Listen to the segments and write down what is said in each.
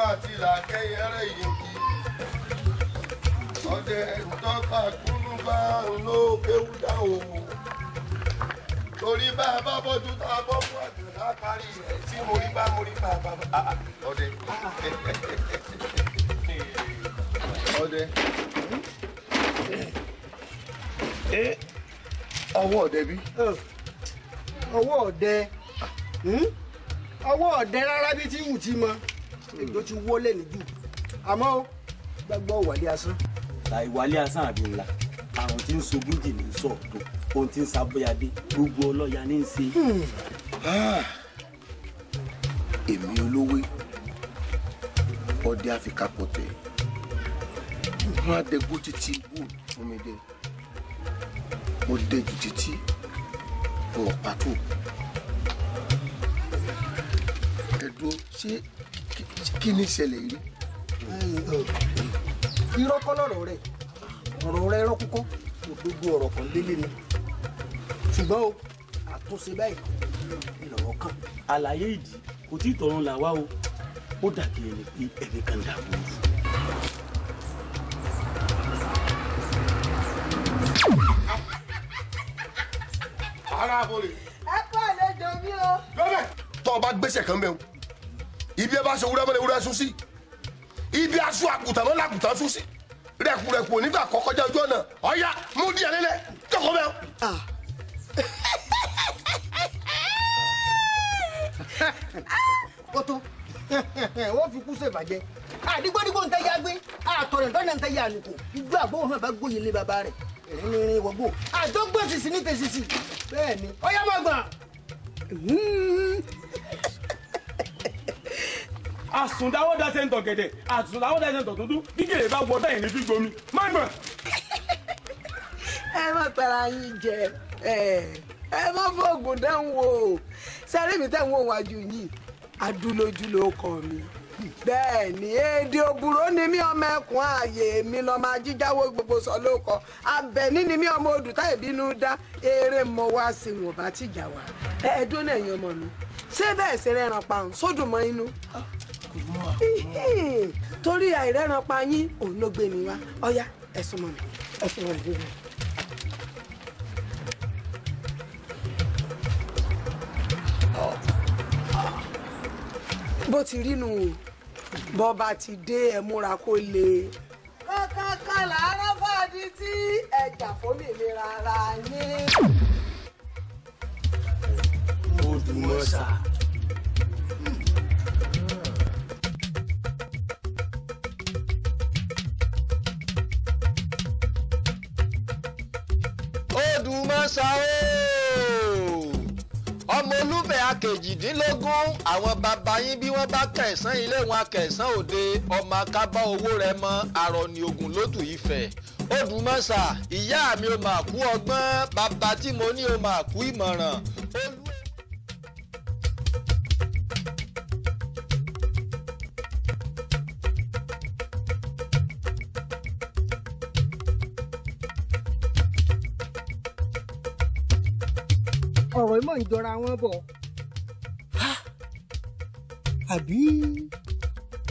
matila kẹyẹrẹ yìí ọdẹ dọgba kúlú bá ń lo kéwú dá òun torí bá a bá bọ́jú tá a bọ́ fún àtúntà parí rẹ̀ tí mo rí bá mo rí bá a bá bá ah, ah, ọdẹ ọdẹ eh, ọwọ́ ọ̀dẹ bí. ọwọ́ ọ̀dẹ hmm? ọwọ́ ọ̀dẹ rárá bí tí wù ti mọ èjò ti wọlé ní jù àmọ́ gbàgbọ́ wàlé asán. ta ìwálé asán àbí ńlá àrùn tí ń sogún jì ní sọ̀tọ̀ ohun tí ń sábóyadé gbogbo ọlọ́ya ní í ṣe. Hmm. Ah. èmi olówó ọdẹ àfikàpọ̀tẹ̀ wọn àdẹgbò títí gbò fún mi dé mo dẹjù títí wọn pàtó ẹdùn ṣé kí ni ìṣẹ̀lẹ̀ rí irọ́ kọ́ lọ́rọ̀ rẹ ọ̀rọ̀ rẹ rọ́ kúkọ́ òdodo ọ̀rọ̀ kan lélẹ̀ ni ṣùgbọ́n o àtúnṣe báyìí lọ́rọ̀ kan. àlàyé ìdí kò tí ì tọrùn là wá o ó dàbí ẹni pé ẹni kan dàbò. ara àbòrè. ẹ kọ́ àlejò mi o. lọ́bẹ̀ tó bá gbéṣẹ̀ kan bẹ́ẹ̀ o ibi ẹ bá ṣe ewúrẹ́ mọ́lẹ̀ ewúrẹ́ sún sí ibi aṣọ àgùntàn mọ́lẹ̀ àgùntàn sún sí rẹ̀kùrẹ̀kù onígbà kọ́kọ́já ojú ọ̀nà ọ̀ya mú díẹ̀ lélẹ̀ jókòó bẹ́ẹ̀. ó wọ́n fi kú ṣèbàjẹ́ àdígbòdígbò ń tẹ́ gbé àtọ̀rẹ̀ tọ́jà ń tẹ́ ya igbó àgbóhùn náà bá gbóyè lé bàbá rẹ̀ rìnrìn wọ́gbó àdógbòsìsì ní tèsìsì bẹ́ẹ̀ ni ọ̀ya mọ̀gbọ̀n àsùndáwọ́ dáṣẹ́ ń tọ̀ gẹ̀dẹ̀ àsùndáwọ́ dáṣẹ́ ń tọ̀ tuntun gígèrè bá wọ bẹ́ẹ̀ ní fígbó mi má gbọ̀n. ẹ má tara yín jẹ ẹ má fọgùn dẹ́hùn o sẹ́rí mi tẹ̀ ń wò wájú yìí adúlójú ló kọ mi bẹ́ẹ̀ ni èdè òbúrò ni mí ọmọ ẹkùn ààyè mi lọ́mọ ajíjáwó gbogbo sọ ló kọ abẹ́ni ni mí ọmọ odùtá ìbínú dá eré mọ wá sí wọn bá tìjà wá ẹ̀ẹ́dún náà ọmọ mi ṣé bẹ́ẹ̀ ṣe rẹ̀ ràn pa sódùmọ́ inú torí àìrẹ́ran pa yín òun ló gbé mi wá ọ̀yá ẹ̀sùn mọ̀ mi ẹ̀sùn mọ̀ mi. bó ti rí nù bọ́ba ti dé ẹ múra kó lè. kákáká làárọ̀ fàdí tí ẹ̀jà fómi mi rárá yín. ó dùn mọ́ sáà. kejìdínlógún àwọn bàbá yín bí wọ́n bá kẹ̀sán ilé wọn kẹ̀sán òde ọmọ akábá owó rẹ mọ́ arọ̀ni ogun lótù Ifẹ̀ odùmọ̀sà ìyá mi ò mà kú ọgbọ́n bàbá tí mo ní ò mà kú ìmọ̀ràn. ọ̀rọ̀ ìmọ̀ ìjọra wọn bọ̀ tàbí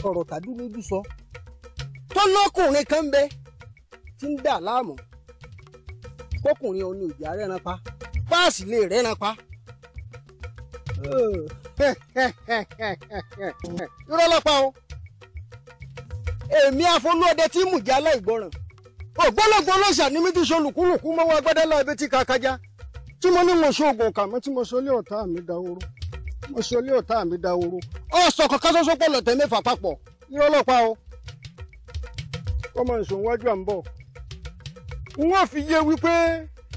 ọ̀rọ̀ tàbí lójú sọ tó lọ́kùnrin kan bẹ tí ń dà láàmú kọkùnrin òní òjì arẹ́ran pa páàsì lè rẹ́ran pa. irọ́ lọ́pàá o èmi àfolúọdẹ tí ògbólógbó ní mi mọ́wọ́ tí kàkájá tí mo ní mo ṣe oògùn tí mo ṣe ọ̀tá mi mo ṣe olé ọ̀tá mi dahoro ọ̀sọ̀ kankan ṣoṣo pọ̀ lọ̀tẹ̀ mẹ́fà papọ̀ ní ọlọ́pàá o ọmọ ìṣòwò wájú à ń bọ̀ wọ́n fi yé wípé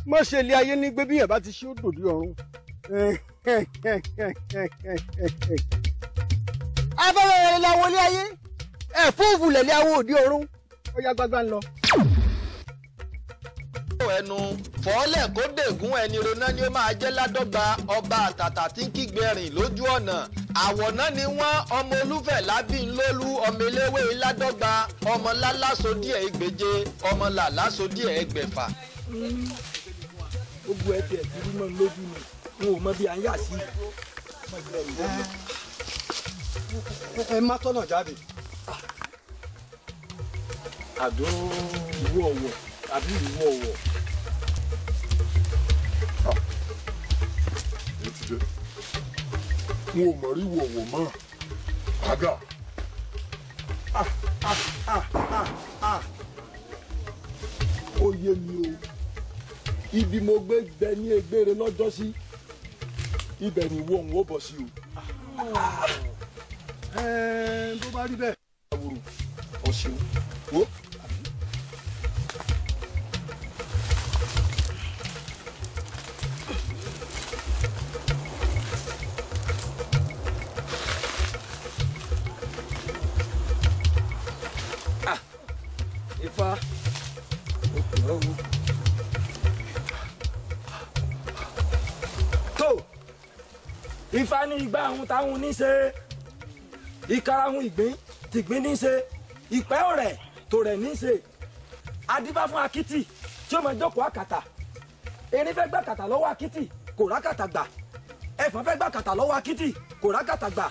má ṣe ilé ayé ní gbé bí yẹn bá ti ṣe ó dòdì ọ̀run. afẹ́fẹ́ rẹ̀ làwọn ilé ayé ẹ̀fúùfù lẹ̀lẹ́ àwọn òde ọ̀run ó yá gbágbá ń lọ ẹnu fọ́ọ́lẹ̀ kó dègún ẹni roná ni ó máa jẹ́ ládọ́gba ọba àtàtà tí ń kígbẹ̀rìn lójú ọ̀nà àwọ̀ná ni wọ́n ọmọ olúfẹ̀ lábínlólú ọmọ eléwé ládọ́gba ọmọ láláso díẹ̀ ẹgbẹ̀je ọmọ làláso díẹ̀ ẹgbẹ̀fà. gbogbo ẹ tiẹ̀ dúró mọ́ mi lójú mi n ò mọ bí a ń yà sí. ẹ má tọ́nà jáde. àdó ìwọ ọ̀wọ̀ àbí ìwọ ọ̀wọ̀. n ò mọ̀ rí wọ̀wọ̀ mọ́ àgà. ó yé mi o ibi mo gbé gbẹ ní egbére lọ́jọ́ sí ibẹ̀ ni wọ́n ò bọ̀ sí o. bó bá rí bẹ́ẹ̀. ọ̀sìn o. ní igbá ahun táhun ní ṣe ìkarahun ìgbín tìgbín ní ṣe ìpẹ́ ọ̀rẹ́ tòrẹ̀ ní ṣe adíbá fún akitì tí ó máa jókòó àkàtà erin fẹ́ gbà kàtà lọ́wọ́ akitì kò rákàtà gbà ẹ̀fọn fẹ́ gbà kàtà lọ́wọ́ akitì kò rákàtà gbà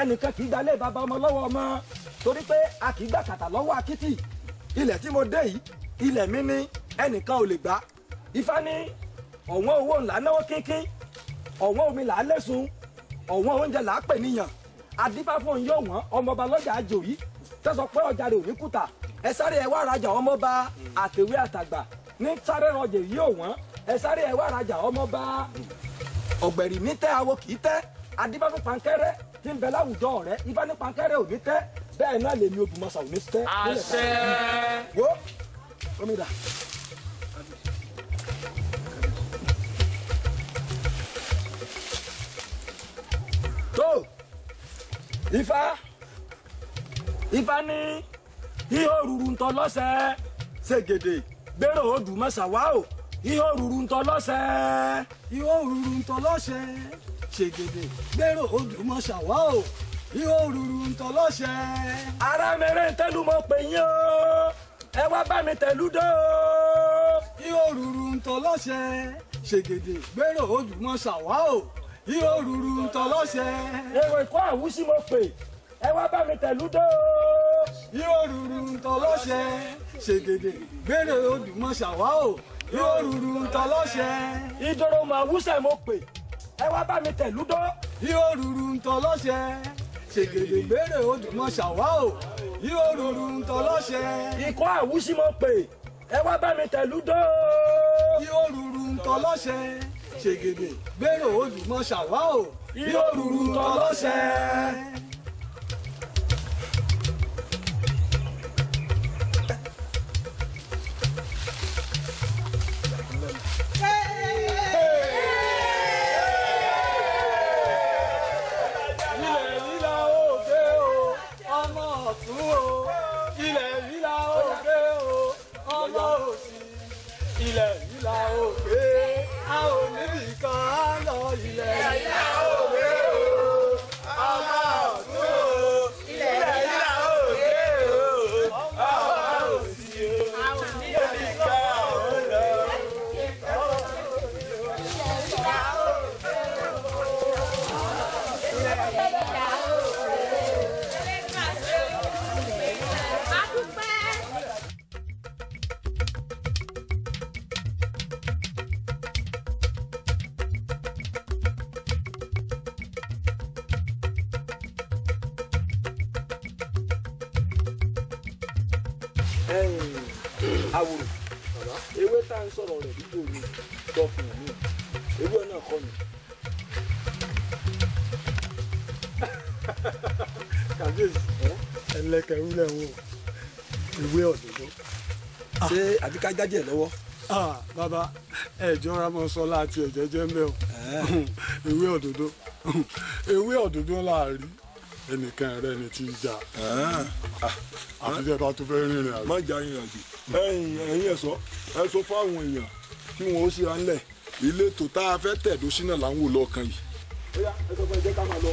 ẹnìkan kì í gbalẹ̀ bàbá ọmọ lọ́wọ́ ọmọ torí pé a kì í gbà kàtà lọ́wọ́ akitì ilẹ̀ tí mo dé yìí ilẹ̀ mi ní ẹnìkan ò lè gbà ifá ní ọ̀wọ́n owó ńlá náwó kínkín ọ̀wọ́n omi là á lẹ́sùn ọ̀wọ́n oúnjẹ là á pè níyàn adífáfóun yóò wọ́n ọmọọba lọ́jà àjòyí tẹ́sán pé ọjà rẹ̀ ò ní kùtà ẹ sáré ẹ wá rajà àtàgbà ní sáré rọjò yìí wọ́n ẹ sáré ẹ wá rajà ọmọọba ọ̀gbẹ̀rì tẹ́ tẹ́ pankẹ́rẹ́ tí ń bẹ ifá ifá ní ihò ruru ń tọ lọ́sẹ̀ ṣègèdè gbèrò odù mọ́sàwá o ihò ruru ń tọ lọ́sẹ̀. ihò ruru ń tọ lọ́sẹ̀ ṣègèdè gbèrò odù mọ́sàwá o ihò ruru ń tọ lọ́sẹ̀. ará mẹ́rẹ̀ tẹ́lu mọ́ yín o ẹ wá bá mi tẹ̀lú dó. ihò ruru ń tọ lọ́sẹ̀ gbèrò odù mọ́sàwá o yóò rúru tọlọ́ṣẹ́. èrò ìkọ́ àwùsí mo pè ẹ wá bá mi tẹ̀lú dó. yóò rúru tọlọ́ṣẹ́ ṣègèdè gbére odùmọ̀ṣà wá o yóò rúru tọlọ́ṣẹ́. ìdòrò mà wúṣẹ̀ mo pè ẹ wá bá mi tẹ̀lú dó. yóò rúru tọlọ́ṣẹ́ ṣègèdè gbére odùmọ̀ṣà wá o yóò rúru tọlọ́ṣẹ́. ìkọ́ àwùsí mo pè ẹ wá bá mi tẹ̀lú dó. yóò rúru tọlọ́ṣẹ́ ṣègèdè gbèrò olùmọ̀ṣàwá o bí òrùrù tọ́ lọ́ṣẹ́. awòrò ewé tá à ń sọ̀rọ̀ rẹ̀ nígboro lọ fún un. kàbíyèsí ẹlẹ́kẹ̀rú lẹ́wọ̀n ìwé ọ̀dọ́dọ́. Ah. ṣé àbí ká jájẹ́ lọ́wọ́. Ah, bàbá ẹ̀jọ́ ramọ́sọ́ láti ẹ̀jẹ̀ jẹ́ mẹ́ o eh. ìwé ọ̀dọ́dọ́ ìwé ọ̀dọ́dọ́ láàrí ẹnìkan rẹ ni ti jà eh. ah. àfijẹ́ bá tó fẹ́ rìnrìn àjò. má jà rìnrìn àjò ẹ̀yin ẹ̀yin ẹ sọ ẹ sọ fáwọn èèyàn kí wọn ó ṣíra ńlẹ̀ ilé tó tá a fẹ́ tẹ̀dó sínú là ń wò lọ́ọ̀kan yìí. ó yá ẹ sọ fún ẹ jẹ́ ká máa lọ.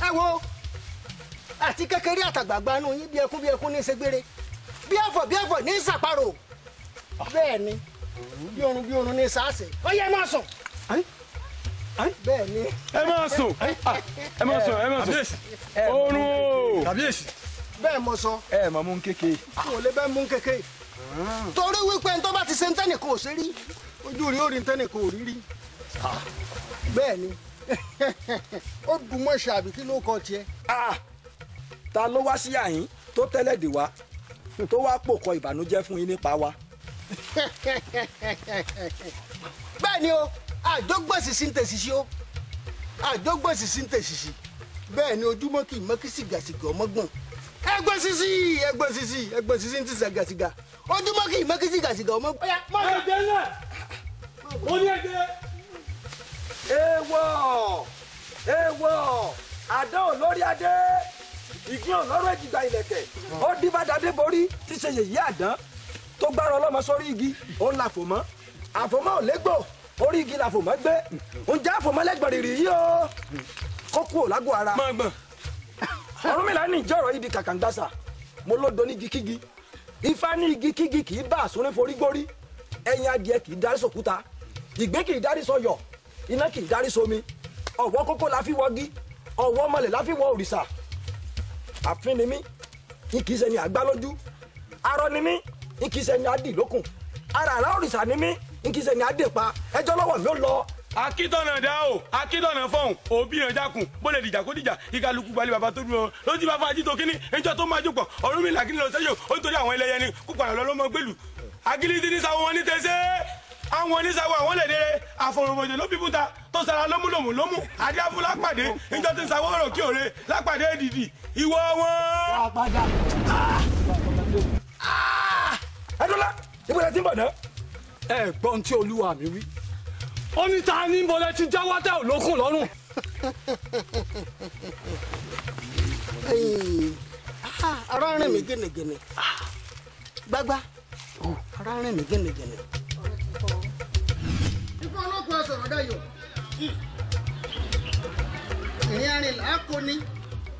ẹ wo àti kékeré àtàgbàgbà nu yín bí ẹkún bí ẹkún ní í ṣe gbére bí ẹ̀fọ́ bí ẹ̀fọ́ ní í ṣàparò bẹ́ẹ̀ ni bí orun bí orun ní í ṣàṣẹ ó yẹ máa sùn bẹ́ẹ̀ ni. Ah, ẹ máa sùn ẹ máa sùn ẹ máa sùn oorun o kàbíyèsí. bẹ́ẹ̀ mo sọ. ẹ máa mú kéke. n ah, ò lè bẹ́ẹ̀ mú kéke. Ah. torí wípé ntọ́ bá ti ṣe ntẹ́nìkan ò sí rí ojú rí orí ntẹ́nìkan ò rí rí bẹ́ẹ̀ ni ó dùn mọ́ ṣàbí kí ló kọ tiẹ̀. Ah, ta ló wá sí àyín tó tẹ́lẹ̀ dè wá tó wá pòkọ ìbànújẹ́ fún yín nípa wa. bẹ́ẹ̀ ni o àdógbòsì sí ń tẹ̀síṣí o àdógbòsì sí ń tẹ̀síṣí bẹ́ẹ̀ ni ojúmọ́ kì í mọ́ sìgàsìgà ọmọgbọ̀n ẹgbẹ́ sisi ẹgbẹ́ sisi ẹgbẹ́ sisi ń ti sàgàsìgà ojúmọ́ kì í mọ́ sìgàsìgà ọmọgbọ̀n. ọ̀yà mọ̀ ọ́ ẹ̀jẹ̀ náà mo ní ẹ̀jẹ̀. Ewo! Ewo! ewọ ewọ àdán olórí adé ìgbín ọlọ́rọ̀ èjìgbà ìlẹ̀kẹ̀ ó dífádàdé borí tí ṣe yèyí àdán tó gbára ọlọ́mọ sórí igi òun làfòmọ́ àfòmọ́ O légbò orí igi làfòmọ́ gbé ǹjẹ́ àfòmọ́ lẹ́gbọ̀n rìrì yìí o kó o ò lágbo ara. máa gbọ̀n. ọ̀run mi lánìí jẹ́ ọ̀rọ̀ yìí di kàkàǹgbàsà mo ló do ní igikígi ifá ni igikígi kì í bá àsúnrín forí gbórí ẹyin adìẹ kì í darí sòkúta ìgbín kì í darí sọyọ iná kì í darí somi ọ̀wọ́ kókó la fi wọ́gi ọ̀wọ́ mọ̀lẹ̀ la fi wọ òrìṣà àfin ni mí n kì í ṣẹni àgbá lójú arọ ni mí n kì í ṣẹni adì lókun ara àrà òrìṣà ni mí n kì í ṣẹni adì pa ẹjọ́ lọ́wọ́ mi ó lọ. akíndọ̀nà dá o akíndọ̀nà fọ̀hún òbí yẹn jákun bó lè dìjà kó dìjà ìkàlùkù balẹ̀ bàbá tó dúró lójú bá fún ajito kínní ẹjọ́ tó máa jókòó ọ̀rùn mi làkínní lọ sẹ́yìn ó nítorí àwọn ẹlẹ́yẹ ni kópa àlọ́ ló mọ gbèlú agilidi ní sáwọn wọn ní àwọn oníṣàwọ̀ àwọn lẹ́dẹ̀rẹ̀ àfọ̀rọ̀mọ̀jẹ̀ ló bíbú ta tó sara lómúlòmù lómú adéáfún lápàdé níjọ́ tí ń sawọ́ ọ̀rọ̀ kí òre lápàdé èdìdì ìwọ wọn. Ah! ẹdọ́lá ìbúra ti ń bọ̀ náà. ẹ gbọ́n tí olúwa mi wí ó ní ta ni mo ti jáwọ́ tẹ́ ò lọ́rùn. Ah, ara rìn mí gẹ́nẹ́gẹ́nẹ́ gbágbá ara rìn mí gẹ́nẹ́gẹ́nẹ́ sọ̀rọ̀ dayọ̀ ìrìn arìn làákóni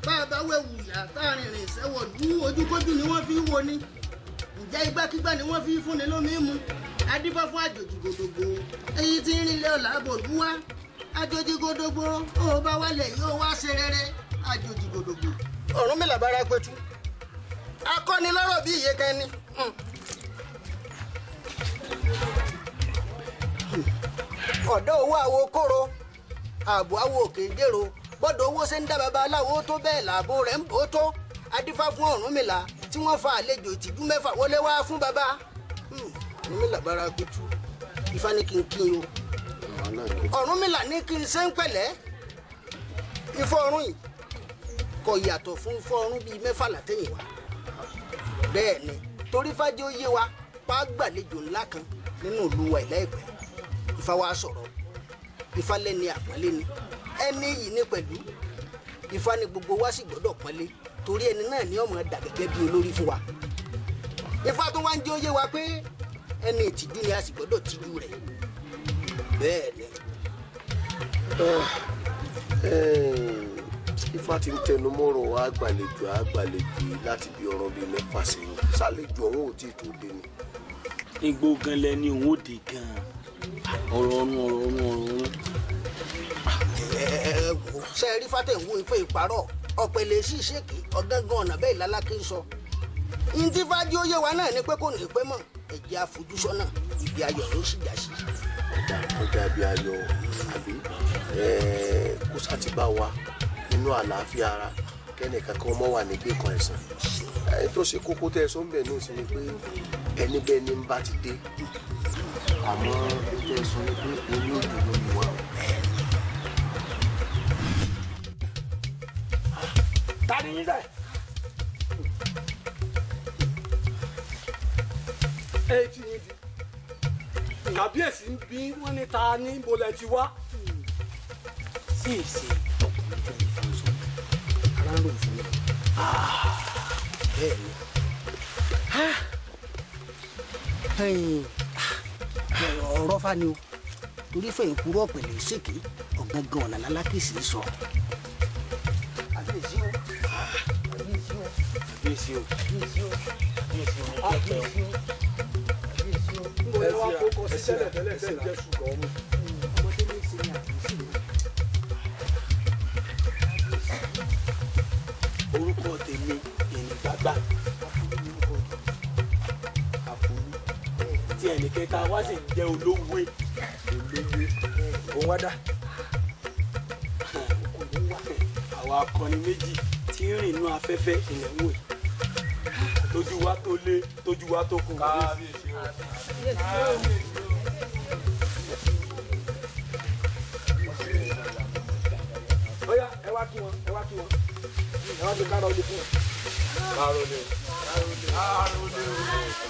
bá a bá wẹ̀wù yàtá arìnrìn ìṣẹ́wọ̀ dú ojúkójú ni wọ́n fi ń wo ni ǹjẹ́ igbákígbá ni wọ́n fi ń fúnni lómi mu adíbá fún àjòjì gbòdògbò èyí tí ń rinlẹ̀ ọ̀làbò dúwá àjòjì gbòdògbò ó bá wálẹ̀ yóò wá ṣe rere àjòjì gbòdògbò. Ọ̀rúnmìlà bára pẹ̀tù akọni lọ́rọ̀ bí iye kan ni. Hmm. ọ̀dọ́ owó àwo kóró ààbò àwo òkè dèrò owó ṣe ń dá baba aláwo tó bẹ́ẹ̀ làbó rẹ̀ ń bò ó tó adífá fún tí wọ́n fa àlejò ìtìjú mẹ́fà wọlé wá fún baba hmm, bára kutu ifá ní kí n kí n o ní kí n ṣe ń pẹ̀lẹ́ ifá ọ̀run yìí wa bẹ́ẹ̀ ni torí yé wa ńlá kan nínú wa ìpẹ́ Ifá wá sọ̀rọ̀ Ifá lẹ́ni àpọ́nlé ni ẹni yìí ní pẹ̀lú Ifá ni gbogbo wa sì gbọ́dọ̀ pọ́nlé torí ẹni náà ni ọmọ dà gẹ́gẹ́ bí olórí fún wa Ifá tó wá ń jẹ́ òye wa pé ẹni ìtìjú ni a sì gbọ́dọ̀ tìjú rẹ̀ bẹ́ẹ̀ ni. Ah, eh, Ifá ti ń tẹnu mọ́rọ̀ àgbàlejò àgbàlejò láti bí ọ̀rọ̀ bíi mẹ́fà sẹ́yìn sálejò ọ̀hún ò tí ì tó dé ni igbó gan lẹni òun ò dé gan ọ̀rọ̀ ọ̀run ọ̀rọ̀ ọ̀run ọ̀rọ̀ ọ̀run. ṣé ẹ rí fàtẹ̀wò ìpè ìparọ́ ọ̀pẹ̀lẹ̀ sí ìṣèkì ọ̀gángan ọ̀nà bẹ́ẹ̀ lálákì ń sọ ntí fájú ó yé wa náà ni pé kò ní pẹ́ mọ́ ẹ̀jẹ̀ àfojúsọ́nà ibi ayọ̀ ló sì já sí. ọjà ọjà ibi ayọ̀ àbí kó sátìgbà wa nínú àlàáfíà ara kẹ́nìkan kan mọ́ wà nígbè kan ẹ̀sán ẹni tó ṣe kókó tẹ́ ẹ sọ ń bẹ̀ náà sí pé ẹni bẹ́ẹ̀ ni ń bá ti dé àmọ́ ẹni sọ ni pé orí òjò ló ń wà. ta ni yín dẹ̀. ẹ ti yín di kàbíyèsí ń bí wọ́n ní ta ní ibo ti wá. sí hmm. ìsìn bá ń lò fún mi bẹ́ẹ̀ ni ọ̀rọ̀ fa ni o torí fẹ́ ìkúrọ̀ pẹ̀lẹ́ ṣèké ọ̀gángan ọ̀nà lálákìsì sọ. àbíyèsí o àbíyèsí o àbíyèsí o àbíyèsí o àbíyèsí o àbíyèsí o àbíyèsí o. ẹ sira ẹ sira ẹ sira. àti ẹnìkẹta wá sì ń jẹ́ olówó olówó òun wá dá àwọn akọni méjì tí ń rìn inú afẹ́fẹ́ ilẹ̀ ń wò tójú wa tó lé tójú wa tó kù. ẹ wá kí wọn ẹ wá kí wọn ẹ wá kí kárọ̀ lè fún wọn. fún wọn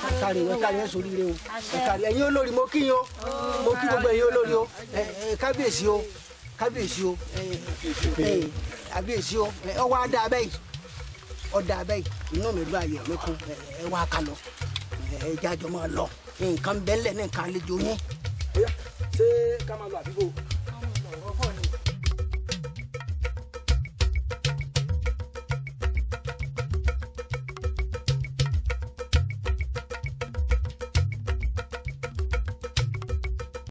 ẹ̀kari o ẹ̀kari yẹn sórí ire o ẹ̀kari ẹ̀yin olórí mo kí yín o mo kí gbogbo ẹ̀yin olórí o kábíyèsí o kábíyèsí o kábíyèsí o ọwọ́ adá abẹ́yì ọ̀dà abẹ́yì inú mi ló ayọ̀ mi kú ẹ wá ká lọ ẹ jájọ máa lọ nǹkan bẹ́ẹ̀ lẹ́nu nǹkan àlejò yín. ṣé ká máa lọ àdúgbò.